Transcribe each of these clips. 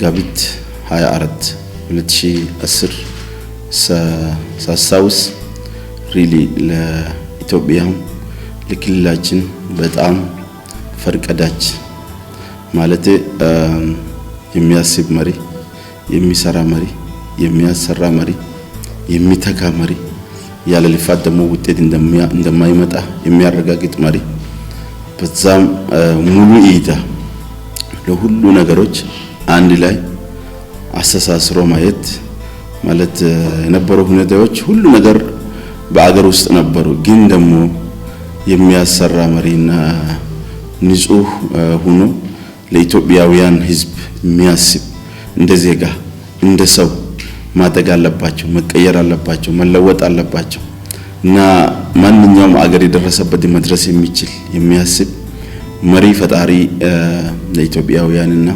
መጋቢት 24 2010 ሳስታውስ ሪሊ ለኢትዮጵያ ለክልላችን በጣም ፈርቀዳች ማለት የሚያስብ መሪ፣ የሚሰራ መሪ፣ የሚያሰራ መሪ፣ የሚተካ መሪ፣ ያለ ልፋት ደግሞ ውጤት እንደማይመጣ የሚያረጋግጥ መሪ፣ በዛም ሙሉ እይታ ለሁሉ ነገሮች አንድ ላይ አስተሳስሮ ማየት ማለት የነበሩ ሁኔታዎች ሁሉ ነገር በአገር ውስጥ ነበሩ። ግን ደግሞ የሚያሰራ መሪና ንጹህ ሆኖ ለኢትዮጵያውያን ሕዝብ የሚያስብ እንደ ዜጋ እንደ ሰው ማደግ አለባቸው፣ መቀየር አለባቸው፣ መለወጥ አለባቸው እና ማንኛውም አገር የደረሰበት መድረስ የሚችል የሚያስብ መሪ ፈጣሪ ለኢትዮጵያውያንና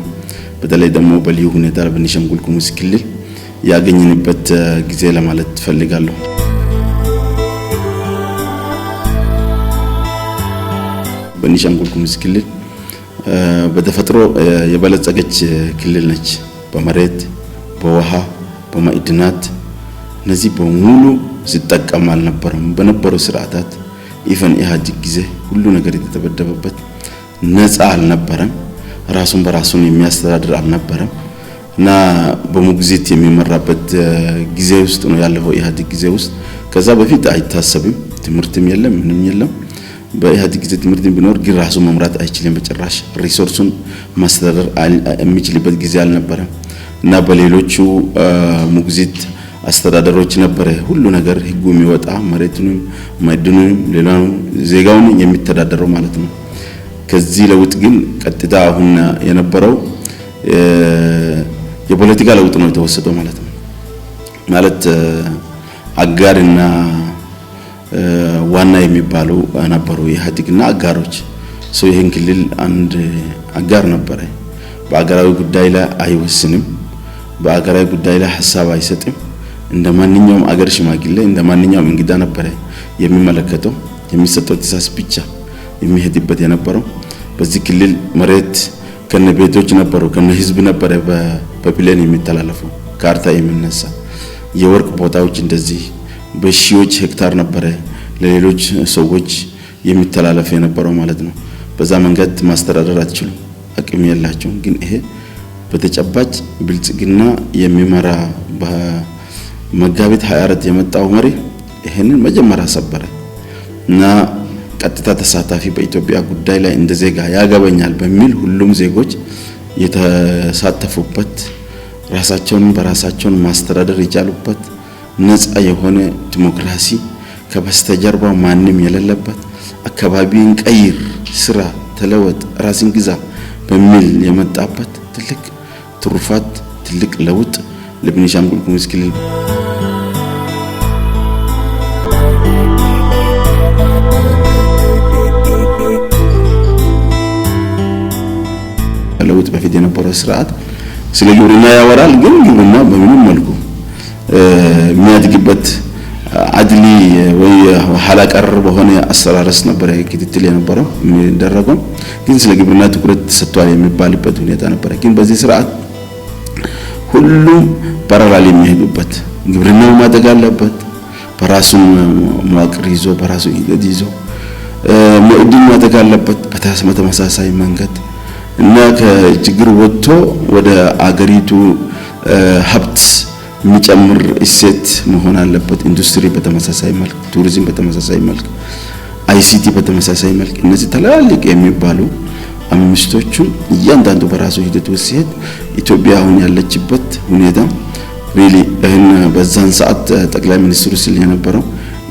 በተለይ ደግሞ በልዩ ሁኔታ በቤኒሻንጉል ጉሙዝ ክልል ያገኘንበት ጊዜ ለማለት ትፈልጋለሁ። ቤኒሻንጉል ጉሙዝ ክልል በተፈጥሮ የበለጸገች ክልል ነች። በመሬት፣ በውሃ፣ በማዕድናት እነዚህ በሙሉ ሲጠቀም አልነበረም። በነበሩ ስርዓታት ኢፈን ኢህአዴግ ጊዜ ሁሉ ነገር የተደበደበበት ነፃ አልነበረም። ራሱን በራሱን የሚያስተዳድር አልነበረም እና በሞግዚት የሚመራበት ጊዜ ውስጥ ነው ያለፈው ኢህአዴግ ጊዜ ውስጥ። ከዛ በፊት አይታሰብም። ትምህርትም የለም ምንም የለም። በኢህአዴግ ጊዜ ትምህርት ቢኖር ግን ራሱ መምራት አይችልም በጭራሽ። ሪሶርሱን ማስተዳደር የሚችልበት ጊዜ አልነበረም እና በሌሎቹ ሞግዚት አስተዳደሮች ነበረ ሁሉ ነገር ህጉ የሚወጣ መሬቱንም፣ ማዕድኑንም፣ ሌላውን ዜጋውን የሚተዳደረው ማለት ነው። ከዚህ ለውጥ ግን ቀጥታ አሁን የነበረው የፖለቲካ ለውጥ ነው የተወሰደው ማለት ነው። ማለት አጋርና ዋና የሚባሉ ነበሩ የኢህአዴግና አጋሮች። ሰው ይህን ክልል አንድ አጋር ነበረ። በአገራዊ ጉዳይ ላይ አይወስንም፣ በአገራዊ ጉዳይ ላይ ሀሳብ አይሰጥም። እንደ ማንኛውም አገር ሽማግሌ እንደ ማንኛውም እንግዳ ነበረ የሚመለከተው የሚሰጠው ትእዛዝ ብቻ የሚሄድበት የነበረው በዚህ ክልል መሬት ከነ ቤቶች ነበሩ፣ ከነ ህዝብ ነበረ በፕሌን የሚተላለፉ ካርታ የሚነሳ የወርቅ ቦታዎች እንደዚህ በሺዎች ሄክታር ነበረ ለሌሎች ሰዎች የሚተላለፍ የነበረው ማለት ነው። በዛ መንገድ ማስተዳደር አትችሉም፣ አቅም የላቸውም። ግን ይሄ በተጨባጭ ብልጽግና የሚመራ በመጋቢት 24 የመጣው መሪ ይህንን መጀመሪያ ሰበረ እና ቀጥታ ተሳታፊ በኢትዮጵያ ጉዳይ ላይ እንደ ዜጋ ያገበኛል በሚል ሁሉም ዜጎች የተሳተፉበት ራሳቸውን በራሳቸውን ማስተዳደር የቻሉበት ነፃ የሆነ ዲሞክራሲ ከበስተጀርባ ማንም የሌለበት አካባቢን ቀይር፣ ስራ ተለወጥ፣ ራስን ግዛ በሚል የመጣበት ትልቅ ትሩፋት፣ ትልቅ ለውጥ ለቤኒሻንጉል ጉሙዝ ክልል ለውጥ በፊት የነበረ ስርዓት ስለ ግብርና ያወራል። ግን ግብርና በምንም መልኩ የሚያድግበት አድሊ ወይ ኋላ ቀር በሆነ አሰራረስ ነበረ ክትትል የነበረው የሚደረገው። ግን ስለ ግብርና ትኩረት ሰጥቷል የሚባልበት ሁኔታ ነበረ። ግን በዚህ ስርዓት ሁሉም ፓራላል የሚሄዱበት ግብርናው ማደግ አለበት በራሱ መዋቅር ይዞ በራሱ ሂደት ይዞ ማዕድን ማደግ አለበት በተመሳሳይ መንገድ እና ከችግር ወጥቶ ወደ አገሪቱ ሀብት የሚጨምር እሴት መሆን አለበት። ኢንዱስትሪ በተመሳሳይ መልክ፣ ቱሪዝም በተመሳሳይ መልክ፣ አይሲቲ በተመሳሳይ መልክ እነዚህ ትላልቅ የሚባሉ አምስቶቹ እያንዳንዱ በራሱ ሂደት ውስጥ ሲሄድ ኢትዮጵያ አሁን ያለችበት ሁኔታ ሪሊ ይህን በዛን ሰዓት ጠቅላይ ሚኒስትሩ ሲል የነበረው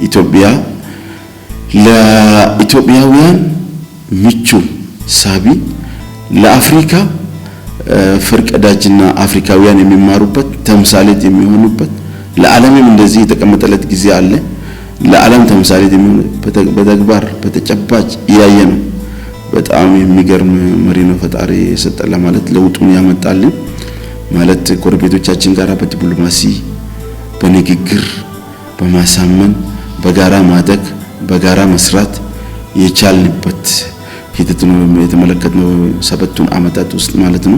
ኢትዮጵያ ለኢትዮጵያውያን ምቹ ሳቢ ለአፍሪካ ፈርቀዳጅና አፍሪካውያን የሚማሩበት ተምሳሌት የሚሆኑበት ለዓለምም እንደዚህ የተቀመጠለት ጊዜ አለ። ለዓለም ተምሳሌት የሚሆኑ በተግባር በተጨባጭ እያየ ነው። በጣም የሚገርም መሪ ነው ፈጣሪ የሰጠን ለማለት ለውጡን ያመጣልን ማለት ጎረቤቶቻችን ጋር በዲፕሎማሲ በንግግር በማሳመን በጋራ ማደግ በጋራ መስራት የቻልንበት ውስጥ ነው የተመለከትነው፣ ሰበቱን ዓመታት ውስጥ ማለት ነው።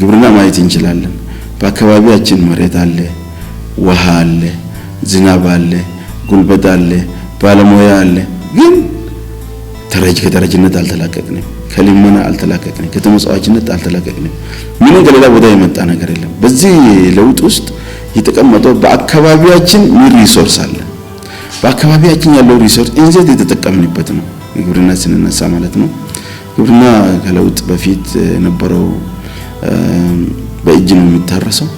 ግብርና ማየት እንችላለን። በአካባቢያችን መሬት አለ፣ ውሃ አለ፣ ዝናብ አለ፣ ጉልበት አለ፣ ባለሙያ አለ። ግን ተረጅ ከተረጅነት አልተላቀቅንም፣ ከልመና አልተላቀቅንም፣ ከተመጽዋችነት አልተላቀቅንም። ምንም ከሌላ ቦታ የመጣ ነገር የለም። በዚህ ለውጥ ውስጥ የተቀመጠው በአካባቢያችን ምን ሪሶርስ አለ፣ በአካባቢያችን ያለው ሪሶርስ እንዴት የተጠቀምንበት ነው። ግብርና ስንነሳ ማለት ነው። ግብርና ከለውጥ በፊት የነበረው በእጅ ነው የሚታረሰው።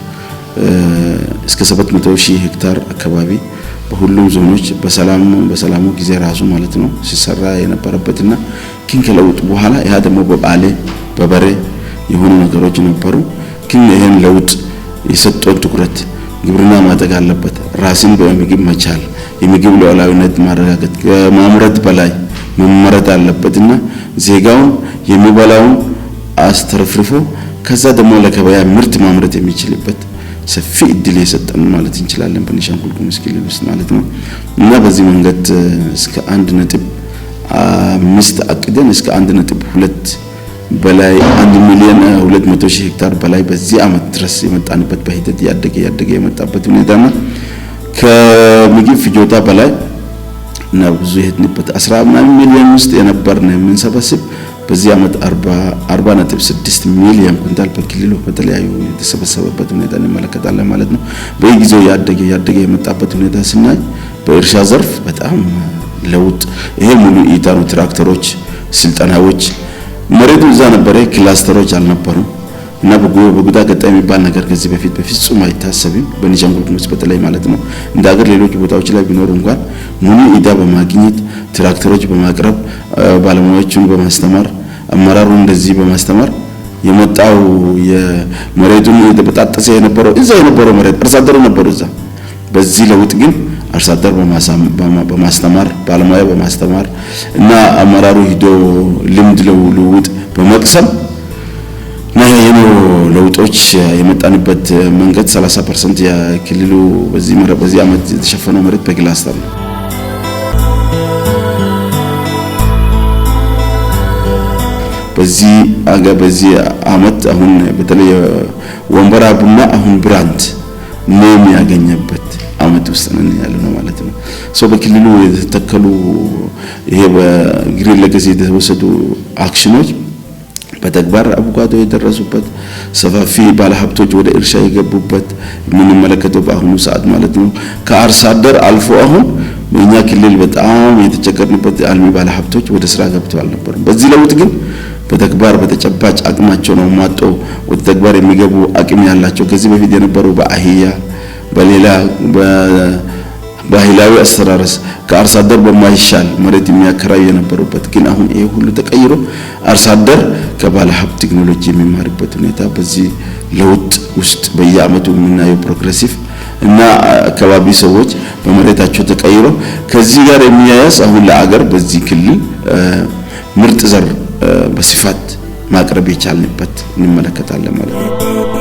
እስከ 700 ሺህ ሄክታር አካባቢ በሁሉም ዞኖች በሰላም በሰላሙ ጊዜ ራሱ ማለት ነው ሲሰራ የነበረበትና ግን ከለውጥ በኋላ ያ ደግሞ በባሌ በበሬ የሆኑ ነገሮች ነበሩ። ግን ይህን ለውጥ የሰጠውን ትኩረት ግብርና ማደግ አለበት። ራስን በምግብ መቻል፣ የምግብ ሉዓላዊነት ማረጋገጥ ከማምረት በላይ መመረት አለበትና ዜጋውን የሚበላውን አስተርፍርፎ ከዛ ደግሞ ለገበያ ምርት ማምረት የሚችልበት ሰፊ እድል የሰጠን ማለት እንችላለን፣ በቤኒሻንጉል ጉሙዝ ክልል ውስጥ ማለት ነው። እና በዚህ መንገድ እስከ አንድ ነጥብ አምስት አቅደን እስከ አንድ ነጥብ ሁለት በላይ 1 ሚሊዮን 200 ሺህ ሄክታር በላይ በዚህ አመት ድረስ የመጣንበት በሂደት ያደገ ያደገ የመጣበት ሁኔታ ሁኔታና ከምግብ ፍጆታ በላይ እና ብዙ የሄድንበት አስራ ሚሊዮን ውስጥ የነበርን የምንሰበስብ በዚህ አመት 40.6 ሚሊዮን ኩንታል በክልሉ በተለያዩ የተሰበሰበበት ሁኔታ እንመለከታለን ማለት ነው። በየጊዜው ያደገ ያደገ የመጣበት ሁኔታ ስናይ በእርሻ ዘርፍ በጣም ለውጥ ይሄ ሙሉ ኢታኑ ትራክተሮች ስልጠናዎች መሬቱ እዛ ነበረ፣ ክላስተሮች አልነበሩም እና በጉዳ ገጣ የሚባል ነገር ከዚህ በፊት በፍጹም አይታሰብም። በኒሻንጉል ጉሙዝ በተለይ ማለት ነው። እንደ ሀገር ሌሎች ቦታዎች ላይ ቢኖር እንኳን ሙሉ ኢዳ በማግኘት ትራክተሮች በማቅረብ ባለሙያዎችን በማስተማር አመራሩን እንደዚህ በማስተማር የመጣው የመሬቱን የተበጣጠሰ የነበረው እዛ የነበረው መሬት አርሶ አደሩ ነበሩ እዛ በዚህ ለውጥ ግን አርሶ አደር በማስተማር ባለሙያ በማስተማር እና አመራሩ ሂዶ ልምድ ልውውጥ በመቅሰም እና ይሄ ለውጦች የመጣንበት መንገድ 30% የክልሉ በዚህ መሬት በዚህ አመት የተሸፈነው መሬት በክላስተር ነው። በዚህ አገ በዚህ አመት አሁን በተለይ ወንበራ ቡና አሁን ብራንድ ኔም ያገኘበት ልማት ውስጥ ነን ያለ ነው ማለት ነው። ሰው በክልሉ የተተከሉ ይሄ በግሪን ሌጋሲ የተወሰዱ አክሽኖች በተግባር አቡጋዶ የደረሱበት ሰፋፊ ባለሀብቶች ወደ እርሻ የገቡበት የምንመለከተው በአሁኑ ሰዓት ማለት ነው። ከአርሶ አደር አልፎ አሁን በእኛ ክልል በጣም የተቸገርንበት አልሚ ባለሀብቶች ወደ ስራ ገብተው አልነበርም። በዚህ ለውጥ ግን በተግባር በተጨባጭ አቅማቸው ነው ማጦ ወደ ተግባር የሚገቡ አቅም ያላቸው ከዚህ በፊት የነበሩ በአህያ በሌላ ባህላዊ አሰራርስ ከአርሶ አደር በማይሻል መሬት የሚያከራይ የነበሩበት ግን አሁን ይሄ ሁሉ ተቀይሮ አርሶ አደር ከባለ ሀብት ቴክኖሎጂ የሚማርበት ሁኔታ በዚህ ለውጥ ውስጥ በየዓመቱ የምናየው ፕሮግረሲቭ እና አካባቢ ሰዎች በመሬታቸው ተቀይሮ ከዚህ ጋር የሚያያዝ አሁን ለአገር በዚህ ክልል ምርጥ ዘር በስፋት ማቅረብ የቻልንበት እንመለከታለን ማለት ነው።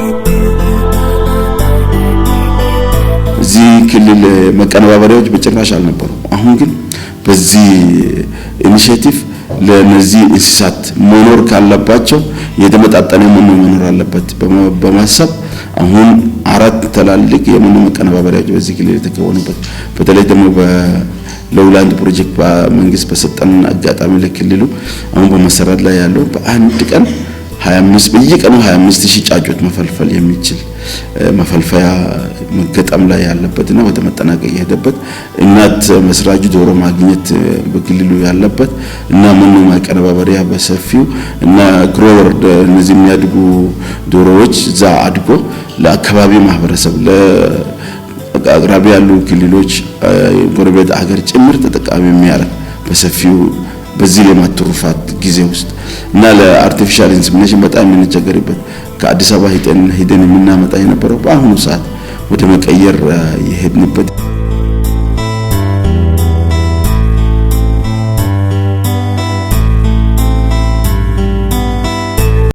እዚህ ክልል መቀነባበሪያዎች በጭራሽ አልነበሩም አሁን ግን በዚህ ኢኒሼቲቭ ለነዚህ እንስሳት መኖር ካለባቸው የተመጣጠነ መኖ መኖር አለበት በማሰብ አሁን አራት ትላልቅ የመኖ መቀነባበሪያዎች በዚህ ክልል የተከወኑበት በተለይ ደግሞ በሎውላንድ ፕሮጀክት መንግስት በሰጠን አጋጣሚ ለክልሉ አሁን በመሰራት ላይ ያለው በአንድ ቀን 25 በየቀኑ 25 ሺህ ጫጩት መፈልፈል የሚችል መፈልፈያ መገጠም ላይ ያለበትና ወደ መጠናቀቅ የሄደበት እናት መስራጁ ዶሮ ማግኘት በክልሉ ያለበት እና መኖ ማቀነባበሪያ በሰፊው እና ግሮወር እነዚህ የሚያድጉ ዶሮዎች እዛ አድጎ ለአካባቢ ማህበረሰብ አቅራቢ ያሉ ክልሎች ጎረቤት አገር ጭምር ተጠቃሚ የሚያደርግ በሰፊው በዚህ ልማት ትሩፋት ጊዜ ውስጥ እና ለአርቲፊሻል ኢንሰሚኔሽን በጣም የምንቸገርበት ከአዲስ አበባ ሂደን የምናመጣ የነበረው በአሁኑ ሰዓት ወደ መቀየር የሄድንበት